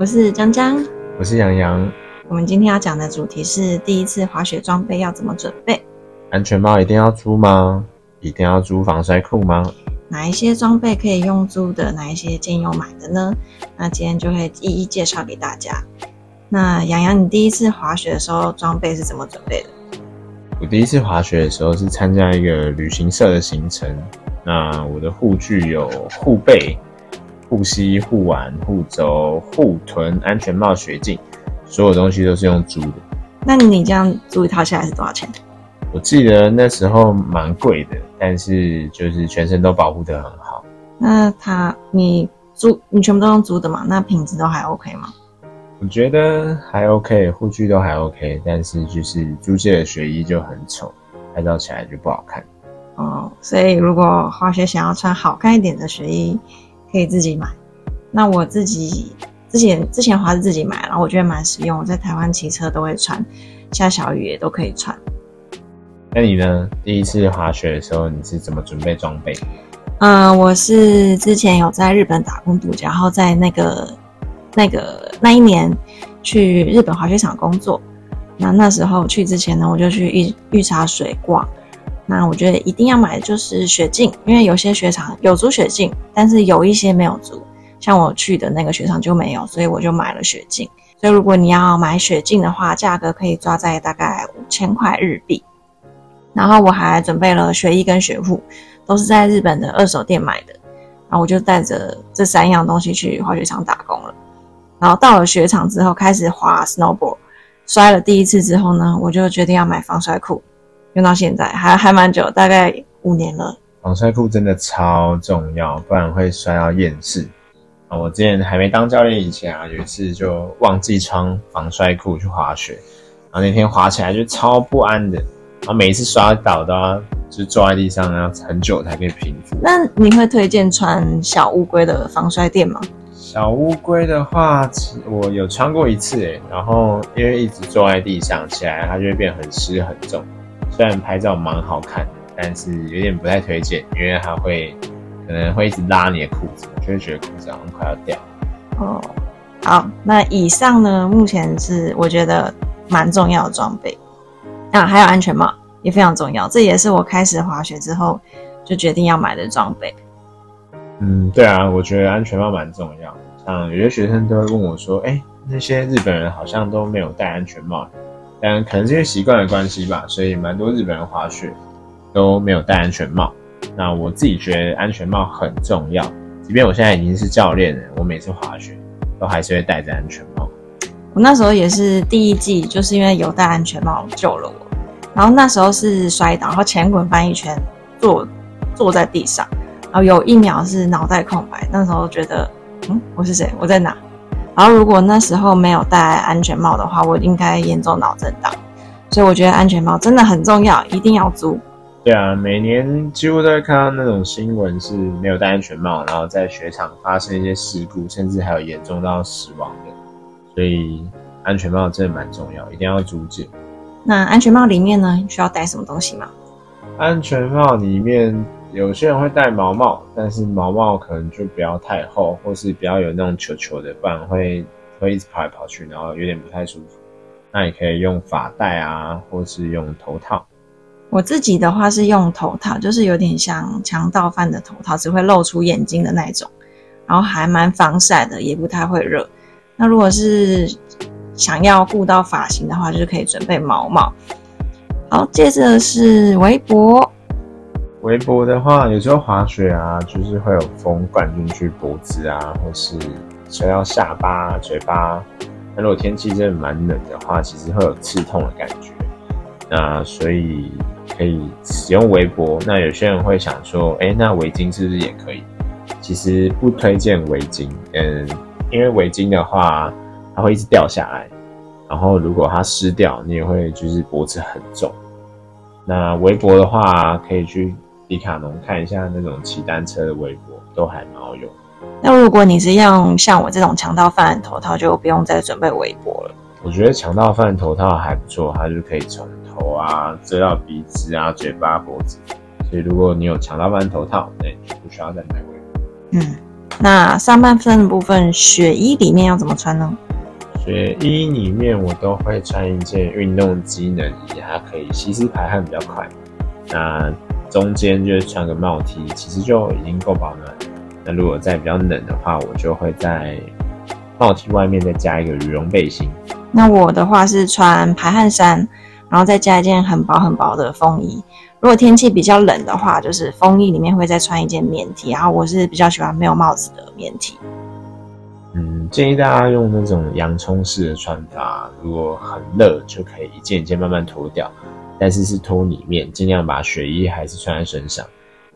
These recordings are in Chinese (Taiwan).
我是薑薑，我是揚揚。我們今天要講的主題是第一次滑雪裝備要怎麼準備？安全帽一定要租嗎？一定要租防摔褲嗎？哪一些裝備可以用租的？哪一些建議用買的呢？那今天就會一一介紹給大家。那揚揚，你第一次滑雪的時候裝備是怎麼準備的？我第一次滑雪的時候是參加一個旅行社的行程，那我的護具有護背。護膝、護腕、護肘、護臀、安全帽、雪鏡，所有東西都是用租的。那你這樣租一套下來是多少錢？我記得那時候蠻貴的，但是就是全身都保護得很好。那他你租你全部都用租的嘛？那品質都還 OK 嗎？我覺得還 OK，護具都還 OK，但是就是租借的雪衣就很醜，拍照起來就不好看。哦，所以如果滑雪想要穿好看一點的雪衣，可以自己買，那我自己之前之前滑，是自己買，然後我覺得蠻實用。我在台灣騎車都會穿，下小雨也都可以穿。那你呢？第一次滑雪的時候你是怎麼準備裝備？嗯，我是之前有在日本打工度假，然後在那個那個那一年去日本滑雪場工作。那那時候去之前呢，我就去預預茶水逛。那我覺得一定要買的就是雪鏡，因為有些雪場有租雪鏡，但是有一些沒有租，像我去的那個雪場就沒有，所以我就買了雪鏡。所以如果你要買雪鏡的話，價格可以抓在大概五千塊日幣。然後我還準備了雪衣跟雪褲，都是在日本的二手店買的。然後我就帶着這三樣東西去滑雪場打工了。然後到了雪場之後，開始滑 snowboard，摔了第一次之後呢，我就決定要買防摔褲。用到現在還還蠻久，大概五年了。防摔褲真的超重要，不然會摔到厭世。啊，我之前還沒當教練以前啊，有一次就忘記穿防摔褲去滑雪，然後那天滑起來就超不安的，然後每一次摔倒都要就坐在地上，然後很久才可以平復。那你會推薦穿小烏龜的防摔墊嗎？小烏龜的話，我有穿過一次，欸，然後因為一直坐在地上起來，它就會變很濕很重。雖然拍照蠻好看的，但是有點不太推薦，因為它會可能會一直拉你的褲子，就覺得褲子好像快要掉了。哦，好，那以上呢，目前是我覺得蠻重要的裝備。那、啊、還有安全帽也非常重要，這也是我開始滑雪之後就決定要買的裝備。嗯，對啊，我覺得安全帽蠻重要的。像有些學生都會問我說：“哎、欸，那些日本人好像都沒有戴安全帽。”但可能是因為習慣的關係吧，所以蠻多日本人滑雪都沒有戴安全帽。那我自己覺得安全帽很重要，即便我現在已經是教練了，我每次滑雪都還是會戴着安全帽。我那時候也是第一季，就是因為有戴安全帽救了我。然後那時候是摔倒，然後前滾翻一圈，坐坐在地上，然後有一秒是腦袋空白。那時候覺得，嗯，我是誰？我在哪？然後如果那時候沒有戴安全帽的話，我應該嚴重腦震盪。所以我覺得安全帽真的很重要，一定要租。對啊，每年幾乎都會看到那種新聞是沒有戴安全帽，然後在雪場發生一些事故，甚至還有嚴重到死亡的。所以安全帽真的蠻重要，一定要租借。那安全帽裡面呢，需要戴什麼東西嗎？安全帽裡面。有些人會戴毛帽，但是毛帽可能就不要太厚，或是不要有那種球球的，不然會會一直跑來跑去，然後有點不太舒服。那也可以用髮帶啊，或是用頭套。我自己的話是用頭套，就是有點像強盜犯的頭套，只會露出眼睛的那種，然後還蠻防曬的，也不太會熱。那如果是想要顧到髮型的話，就是可以準備毛帽。好，接着是圍脖。圍脖的話，有時候滑雪啊，就是會有風灌進去脖子啊，或是吹到下巴、嘴巴。那如果天氣真的蠻冷的話，其實會有刺痛的感覺。那所以可以使用圍脖。那有些人會想說，哎、欸，那圍巾是不是也可以？其實不推薦圍巾，嗯，因為圍巾的話，它會一直掉下來。然後如果它濕掉，你也會就是脖子很重。那圍脖的話，可以去。迪卡儂看一下那種騎單車的圍脖，都還蠻好用。那如果你是用像我這種強盜犯頭套，就不用再準備圍脖了。我覺得強盜犯頭套還不錯，它就可以從頭啊遮到鼻子啊、嘴巴、脖子。所以如果你有強盜犯頭套，那你就不需要再買圍脖。嗯，那上半身的部分，雪衣裡面要怎麼穿呢？雪衣裡面我都會穿一件運動機能衣，它可以吸濕排汗比較快。那中間就穿個帽 T，其實就已經夠保暖了。那如果再比較冷的話，我就會在帽 T 外面再加一個羽絨背心。那我的話是穿排汗衫，然後再加一件很薄很薄的風衣。如果天氣比較冷的話，就是風衣裡面會再穿一件棉 T。然後我是比較喜歡沒有帽子的棉 T。嗯，建議大家用那種洋蔥式的穿搭，如果很熱就可以一件一件慢慢脫掉。但是是脫裡面，盡量把雪衣還是穿在身上，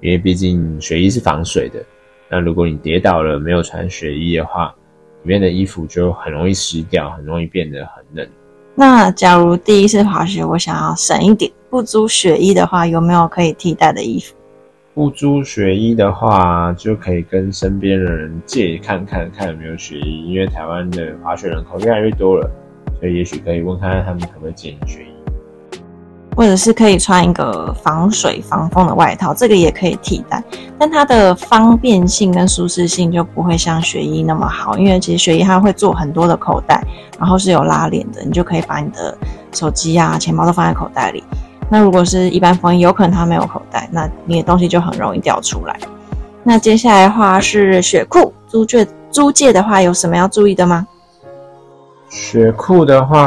因為畢竟雪衣是防水的。那如果你跌倒了沒有穿雪衣的話，裡面的衣服就很容易濕掉，很容易變得很冷。那假如第一次滑雪，我想要省一點，不租雪衣的話，有沒有可以替代的衣服？不租雪衣的話，就可以跟身邊的人借看看看有沒有雪衣，因為台灣的滑雪人口越來越多了，所以也許可以問看看他們可不可以借雪衣。或者是可以穿一個防水防風的外套，這個也可以替代，但它的方便性跟舒適性就不會像雪衣那麼好，因為其實雪衣它會做很多的口袋，然後是有拉鏈的，你就可以把你的手機啊、錢包都放在口袋裡。那如果是一般風衣，有可能它沒有口袋，那你的東西就很容易掉出來。那接下來的話是雪褲、租借、租借的話，有什麼要注意的嗎？雪褲的話，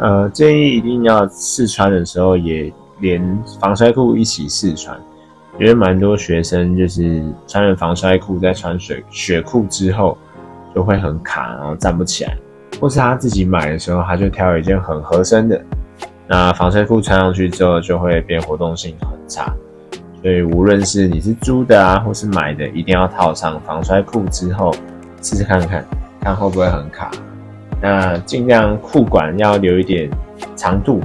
呃，建議一定要試穿的時候也連防摔褲一起試穿，因為蠻多學生就是穿了防摔褲再穿雪雪褲之後就會很卡，然後站不起來。或是他自己買的時候，他就挑一件很合身的，那防摔褲穿上去之後就會變活動性很差。所以無論是你是租的啊，或是買的，一定要套上防摔褲之後試試看看，看會不會很卡。那盡量褲管要留一點長度，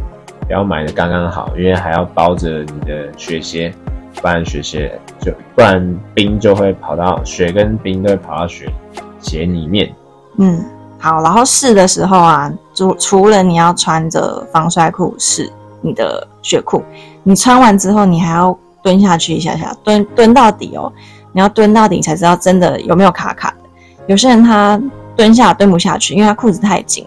不要買得剛剛好，因為還要包着你的雪鞋，不然雪鞋就不然冰就會跑到雪跟冰都會跑到雪鞋裡面。嗯，好，然後試的時候啊，除除了你要穿着防摔褲試你的雪褲，你穿完之後你還要蹲下去一下下蹲蹲到底哦，你要蹲到底才知道真的有沒有卡卡。有些人他。蹲下蹲不下去，因為他褲子太緊。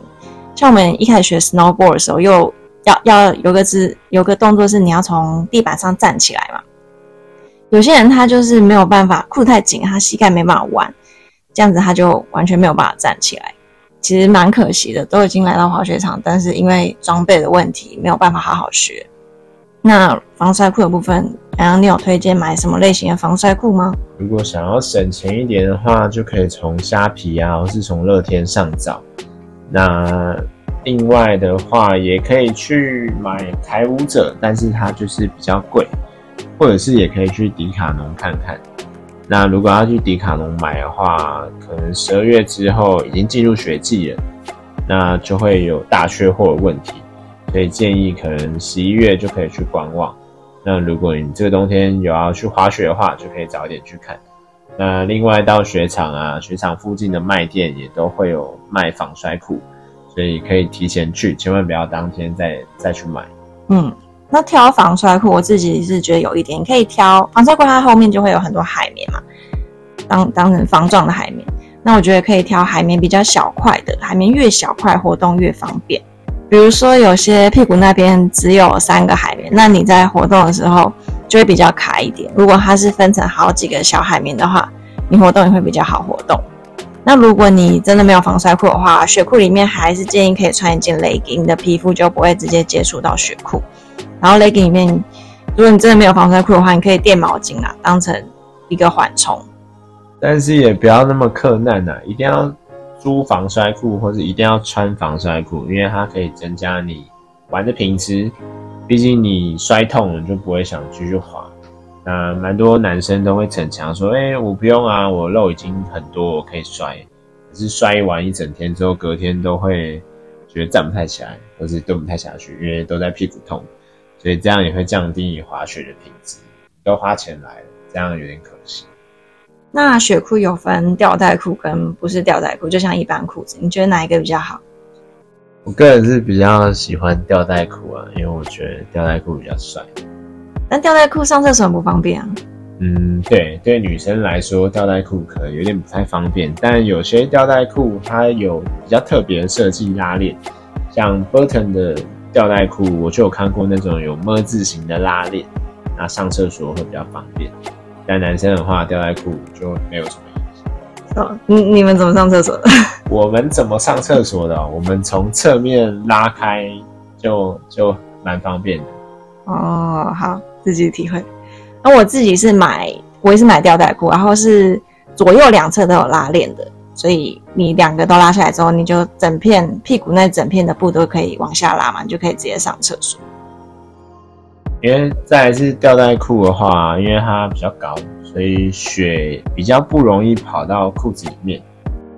像我們一開始學 snowboard 的時候，又要要有個姿有個動作是你要從地板上站起來嘛。有些人他就是沒有辦法，褲子太緊，他膝蓋沒辦法彎，這樣子他就完全沒有辦法站起來。其實蠻可惜的，都已經來到滑雪場，但是因為裝備的問題，沒有辦法好好學。那防摔褲的部分。揚揚，你有推薦買什麼類型的防摔褲嗎？如果想要省錢一點的話，就可以從蝦皮啊，或是從樂天上找。那另外的話，也可以去買台舞者，但是它就是比較貴。或者是也可以去迪卡儂看看。那如果要去迪卡儂買的話，可能十二月之後已經進入雪季了，那就會有大缺貨的問題。所以建議可能十一月就可以去觀望。那如果你這個冬天有要去滑雪的話，就可以早一點去看。那另外到雪場啊，雪場附近的賣店也都會有賣防摔褲，所以可以提前去，千萬不要當天再再去買。嗯，那挑防摔褲，我自己是覺得有一點，可以挑防摔褲，它後面就會有很多海綿嘛，當當成防撞的海綿。那我覺得可以挑海綿比較小塊的，海綿越小塊活動越方便。比如說，有些屁股那邊只有三個海綿，那你在活動的時候就會比較卡一點。如果它是分成好幾個小海綿的話，你活動也會比較好活動。那如果你真的沒有防摔褲的話，雪褲裡面還是建議可以穿一件 legging，你的皮膚就不會直接接觸到雪褲。然後 legging 裡面，如果你真的沒有防摔褲的話，你可以墊毛巾啊，當成一個緩衝。但是也不要那麼克難啊，一定要。租防摔褲，或者一定要穿防摔褲，因為它可以增加你玩的品質。畢竟你摔痛了，你就不會想繼續滑。那蠻多男生都會逞強說：“哎、欸，我不用啊，我肉已經很多，我可以摔。”可是摔完一整天之後，隔天都會覺得站不太起來，或是蹲不太下去，因為都在屁股痛。所以這樣也會降低你滑雪的品質。都花錢來了，這樣有點可惜。那雪褲有分吊帶褲跟不是吊帶褲，就像一般褲子，你覺得哪一個比較好？我個人是比較喜歡吊帶褲啊，因為我覺得吊帶褲比較帥。但吊帶褲上廁所很不方便啊？嗯，對，對女生來說吊帶褲可能有點不太方便，但有些吊帶褲它有比較特別的設計拉鏈，像 Burton 的吊帶褲，我就有看過那種有 M 字型的拉鏈，那上廁所會比較方便。但男生的話，吊帶褲就沒有什麼意思。So, 你你們怎麼上廁所？我們怎麼上廁所的？我們從側面拉開就，就就蠻方便的。哦、oh,，好，自己體會。那我自己是買，我也是買吊帶褲，然後是左右兩側都有拉鏈的，所以你兩個都拉下來之後，你就整片屁股那整片的布都可以往下拉嘛，你就可以直接上廁所。因為再來是吊帶褲的話，因為它比較高，所以雪比較不容易跑到褲子裡面。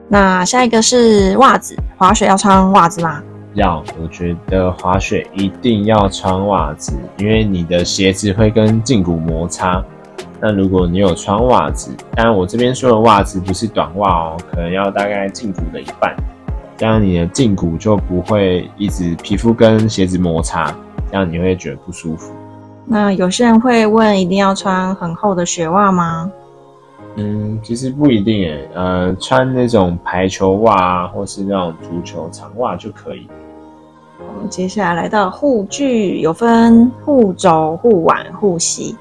那下一個是襪子，滑雪要穿襪子嗎？要，我覺得滑雪一定要穿襪子，因為你的鞋子會跟脛骨摩擦。那如果你有穿襪子，但我這邊說的襪子不是短襪哦，可能要大概脛骨的一半，這樣你的脛骨就不會一直皮膚跟鞋子摩擦，這樣你會覺得不舒服。那有些人會問，一定要穿很厚的雪襪嗎？嗯，其實不一定誒、欸，呃，穿那種排球襪啊，或是那種足球長襪就可以。嗯，我們接下來來到護具，有分護肘、護腕、護膝。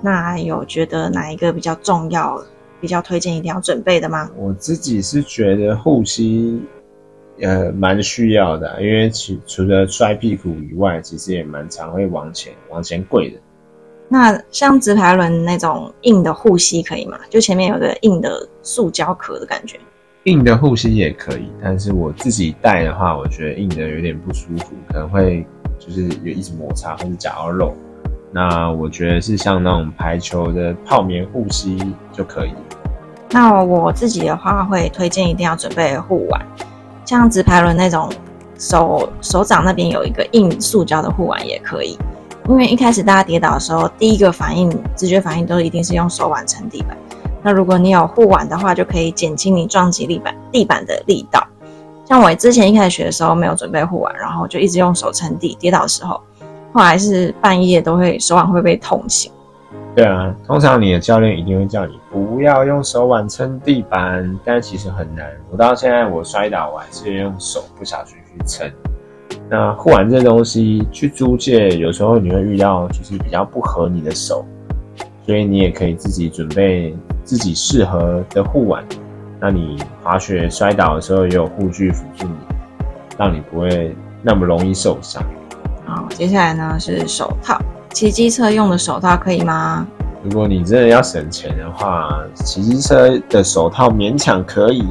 那有覺得哪一個比較重要，比較推薦一定要準備的嗎？我自己是覺得護膝。呃，蠻需要的啊，因為其除了摔屁股以外，其實也蠻常會往前往前跪的。那像直排輪那種硬的護膝可以嗎？就前面有個硬的塑膠殼的感覺。硬的護膝也可以，但是我自己戴的話，我覺得硬的有點不舒服，可能會就是有一直摩擦或者夾到肉。那我覺得是像那種排球的泡棉護膝就可以。那我自己的話會推薦一定要準備護腕。像直排輪那種手手掌那邊有一個硬塑膠的護腕也可以，因為一開始大家跌倒的時候，第一個反應、直覺反應都一定是用手腕撐地板。那如果你有護腕的話，就可以減輕你撞擊地板地板的力道。像我之前一開始學的時候沒有準備護腕，然後就一直用手撐地跌倒的時候，後來是半夜都會手腕會被痛醒。對啊，通常你的教練一定會叫你不要用手腕撐地板，但其實很難。我到現在我摔倒，我還是用手不小心去撐。那護腕這東西去租借，有時候你會遇到就是比較不合你的手，所以你也可以自己準備自己適合的護腕。那你滑雪摔倒的時候，也有護具輔助你，讓你不會那麼容易受傷。好，接下來呢，是手套。騎機車用的手套可以嗎？如果你真的要省錢的話，騎機車的手套勉強可以，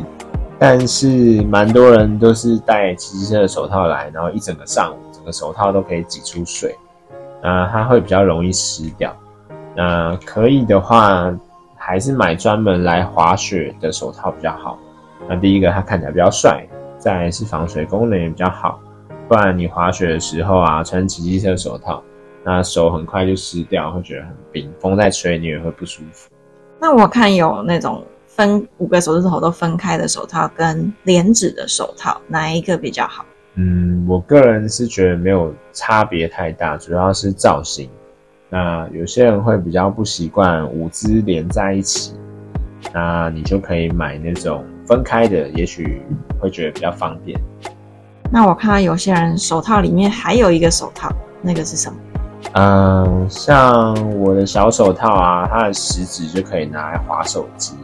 但是蠻多人都是戴騎機車的手套來，然後一整個上午，整個手套都可以擠出水，那它會比較容易濕掉。那可以的話，還是買專門來滑雪的手套比較好。那第一個，它看起來比較帥，再來是防水功能也比較好。不然你滑雪的時候啊，穿騎機車手套。那手很快就濕掉，會覺得很冰，風在吹，你也會不舒服。那我看有那種分五個手指頭都分開的手套跟連指的手套，哪一個比較好？嗯，我個人是覺得沒有差別太大，主要是造型。那有些人會比較不習慣五指連在一起，那你就可以買那種分開的，也許會覺得比較方便。那我看到有些人手套裡面還有一個手套，那個是什麼？嗯，像我的小手套啊，它的食指就可以拿來滑手機，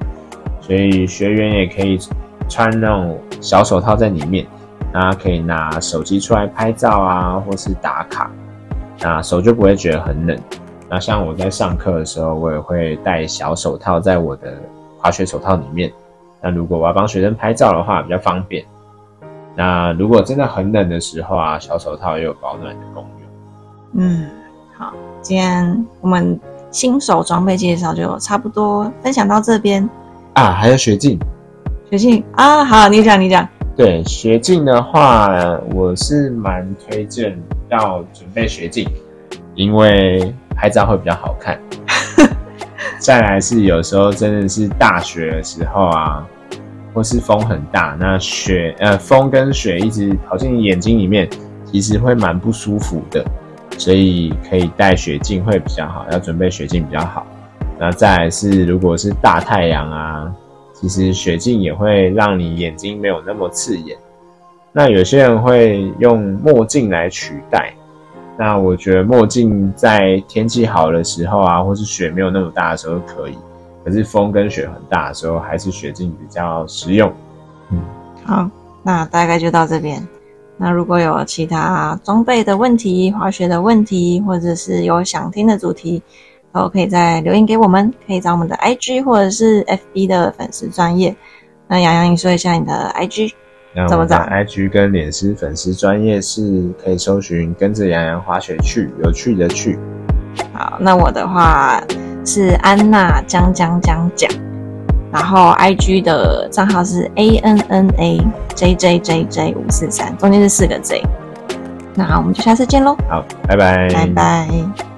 所以學員也可以穿那種小手套在裡面，那可以拿手機出來拍照啊，或是打卡，那手就不會覺得很冷。那像我在上課的時候，我也會戴小手套在我的滑雪手套裡面，那如果我要幫學生拍照的話，比較方便。那如果真的很冷的時候啊，小手套也有保暖的功能。嗯。今天我們新手裝備介紹就差不多分享到這邊啊，還有雪鏡，雪鏡啊，好，好，你講你講。對，雪鏡的話，我是蠻推薦要準備雪鏡，因為拍照會比較好看。 再來是有時候真的是大雪的時候啊，或是風很大，那雪呃風跟雪一直跑進眼睛裡面，其實會蠻不舒服的。所以可以戴雪鏡會比較好，要準備雪鏡比較好。那再來是，如果是大太陽啊，其實雪鏡也會讓你眼睛沒有那麼刺眼。那有些人會用墨鏡來取代。那我覺得墨鏡在天氣好的時候啊，或是雪沒有那麼大的時候可以。可是風跟雪很大的時候，還是雪鏡比較實用。嗯，好，那大概就到這邊。那如果有其他裝備的問題、滑雪的問題，或者是有想聽的主題，都可以再留言給我們，可以找我們的 IG 或者是 FB 的粉絲專頁。那揚揚，揚，你說一下你的 IG 怎麼找？IG 跟臉書粉絲專頁是可以搜尋“跟着揚揚滑雪趣”，有趣的趣。好，那我的話是安娜薑薑薑講。然後，I G 的賬號是 A N N A J J J J 五四三，中間是四個 J。那好，我們就下次見嘍！好，拜拜，拜拜。